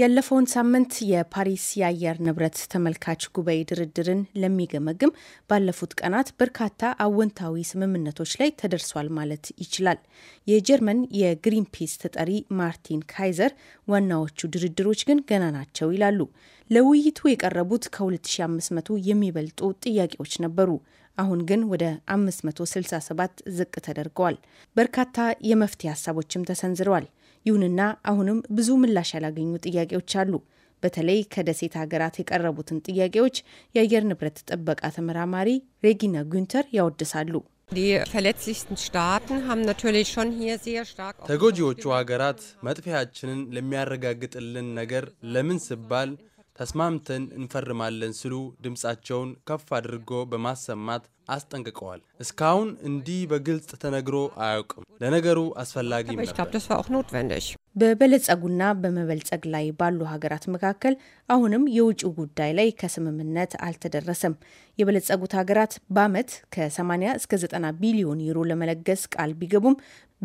ያለፈውን ሳምንት የፓሪስ የአየር ንብረት ተመልካች ጉባኤ ድርድርን ለሚገመግም ባለፉት ቀናት በርካታ አወንታዊ ስምምነቶች ላይ ተደርሷል ማለት ይችላል። የጀርመን የግሪንፒስ ተጠሪ ማርቲን ካይዘር ዋናዎቹ ድርድሮች ግን ገና ናቸው ይላሉ። ለውይይቱ የቀረቡት ከ2500 የሚበልጡ ጥያቄዎች ነበሩ። አሁን ግን ወደ 567 ዝቅ ተደርገዋል። በርካታ የመፍትሄ ሀሳቦችም ተሰንዝረዋል። ይሁንና አሁንም ብዙ ምላሽ ያላገኙ ጥያቄዎች አሉ። በተለይ ከደሴት ሀገራት የቀረቡትን ጥያቄዎች የአየር ንብረት ጥበቃ ተመራማሪ ሬጊና ጉንተር ያወድሳሉ። ተጎጂዎቹ ሀገራት መጥፊያችንን ለሚያረጋግጥልን ነገር ለምን ስባል ተስማምተን እንፈርማለን ሲሉ ድምፃቸውን ከፍ አድርጎ በማሰማት አስጠንቅቀዋል። እስካሁን እንዲህ በግልጽ ተነግሮ አያውቅም። ለነገሩ አስፈላጊ በበለጸጉና በመበልጸግ ላይ ባሉ ሀገራት መካከል አሁንም የውጭ ጉዳይ ላይ ከስምምነት አልተደረሰም። የበለጸጉት ሀገራት በዓመት ከ80 እስከ 90 ቢሊዮን ዩሮ ለመለገስ ቃል ቢገቡም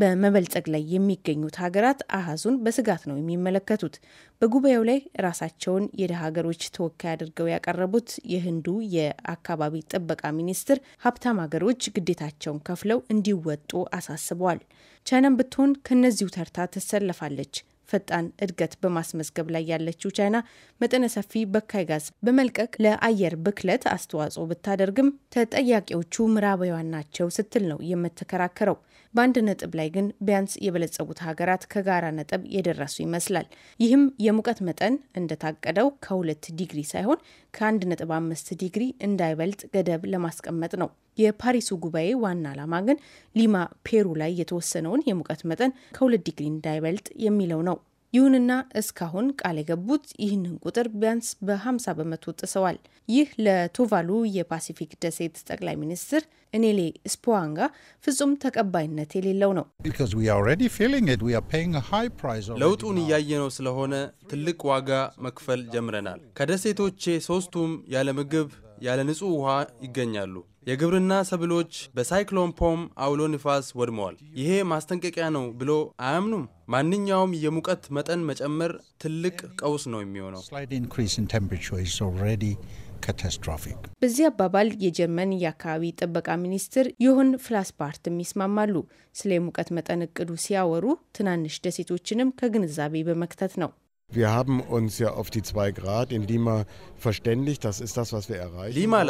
በመበልጸግ ላይ የሚገኙት ሀገራት አሃዙን በስጋት ነው የሚመለከቱት። በጉባኤው ላይ ራሳቸውን የደሃ ሀገሮች ተወካይ አድርገው ያቀረቡት የህንዱ የአካባቢ ጥበቃ ሚኒስትር ሀብታም ሀገሮች ግዴታቸውን ከፍለው እንዲወጡ አሳስበዋል። ቻይናም ብትሆን ከእነዚሁ ተርታ ትሰለፋለች። ፈጣን እድገት በማስመዝገብ ላይ ያለችው ቻይና መጠነ ሰፊ በካይ ጋዝ በመልቀቅ ለአየር ብክለት አስተዋጽኦ ብታደርግም ተጠያቂዎቹ ምዕራባውያን ናቸው ስትል ነው የምትከራከረው። በአንድ ነጥብ ላይ ግን ቢያንስ የበለጸጉት ሀገራት ከጋራ ነጥብ የደረሱ ይመስላል። ይህም የሙቀት መጠን እንደታቀደው ከሁለት ዲግሪ ሳይሆን ከአንድ ነጥብ አምስት ዲግሪ እንዳይበልጥ ገደብ ለማስቀመጥ ነው። የፓሪሱ ጉባኤ ዋና ዓላማ ግን ሊማ ፔሩ ላይ የተወሰነውን የሙቀት መጠን ከሁለት ዲግሪ እንዳይበልጥ የሚለው ነው። ይሁንና እስካሁን ቃል የገቡት ይህንን ቁጥር ቢያንስ በ50 በመቶ ጥሰዋል። ይህ ለቱቫሉ የፓሲፊክ ደሴት ጠቅላይ ሚኒስትር እኔሌ ስፖዋንጋ ፍጹም ተቀባይነት የሌለው ነው። ለውጡን እያየነው ስለሆነ ትልቅ ዋጋ መክፈል ጀምረናል። ከደሴቶቼ ሶስቱም ያለ ምግብ ያለ ንጹህ ውሃ ይገኛሉ። የግብርና ሰብሎች በሳይክሎን ፖም አውሎ ንፋስ ወድመዋል። ይሄ ማስጠንቀቂያ ነው ብሎ አያምኑም። ማንኛውም የሙቀት መጠን መጨመር ትልቅ ቀውስ ነው የሚሆነው። በዚህ አባባል የጀርመን የአካባቢ ጥበቃ ሚኒስትር ይሁን ፍላስፓርትም ይስማማሉ። ስለ የሙቀት መጠን እቅዱ ሲያወሩ ትናንሽ ደሴቶችንም ከግንዛቤ በመክተት ነው። Wir haben uns ja auf die zwei Grad in Lima verständigt. Das ist das, was wir erreichen. Lima,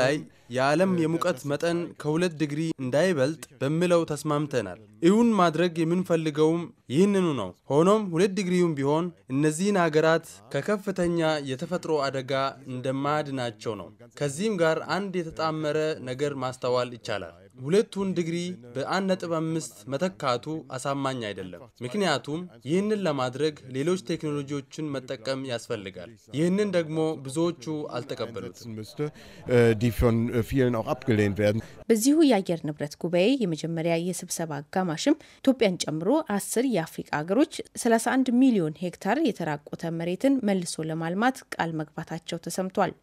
የዓለም የሙቀት መጠን ከሁለት ዲግሪ እንዳይበልጥ በሚለው ተስማምተናል። ይሁን ማድረግ የምንፈልገውም ይህንኑ ነው። ሆኖም ሁለት ዲግሪውም ቢሆን እነዚህን ሀገራት ከከፍተኛ የተፈጥሮ አደጋ እንደማያድናቸው ነው። ከዚህም ጋር አንድ የተጣመረ ነገር ማስተዋል ይቻላል። ሁለቱን ዲግሪ በአንድ ነጥብ አምስት መተካቱ አሳማኝ አይደለም። ምክንያቱም ይህንን ለማድረግ ሌሎች ቴክኖሎጂዎችን መጠቀም ያስፈልጋል። ይህንን ደግሞ ብዙዎቹ አልተቀበሉትም። uh, uh, uh, vielen auch abgelehnt werden። በዚሁ የአየር ንብረት ጉባኤ የመጀመሪያ የስብሰባ አጋማሽም ኢትዮጵያን ጨምሮ አስር የአፍሪቃ ሀገሮች 31 ሚሊዮን ሄክታር የተራቆተ መሬትን መልሶ ለማልማት ቃል መግባታቸው ተሰምቷል።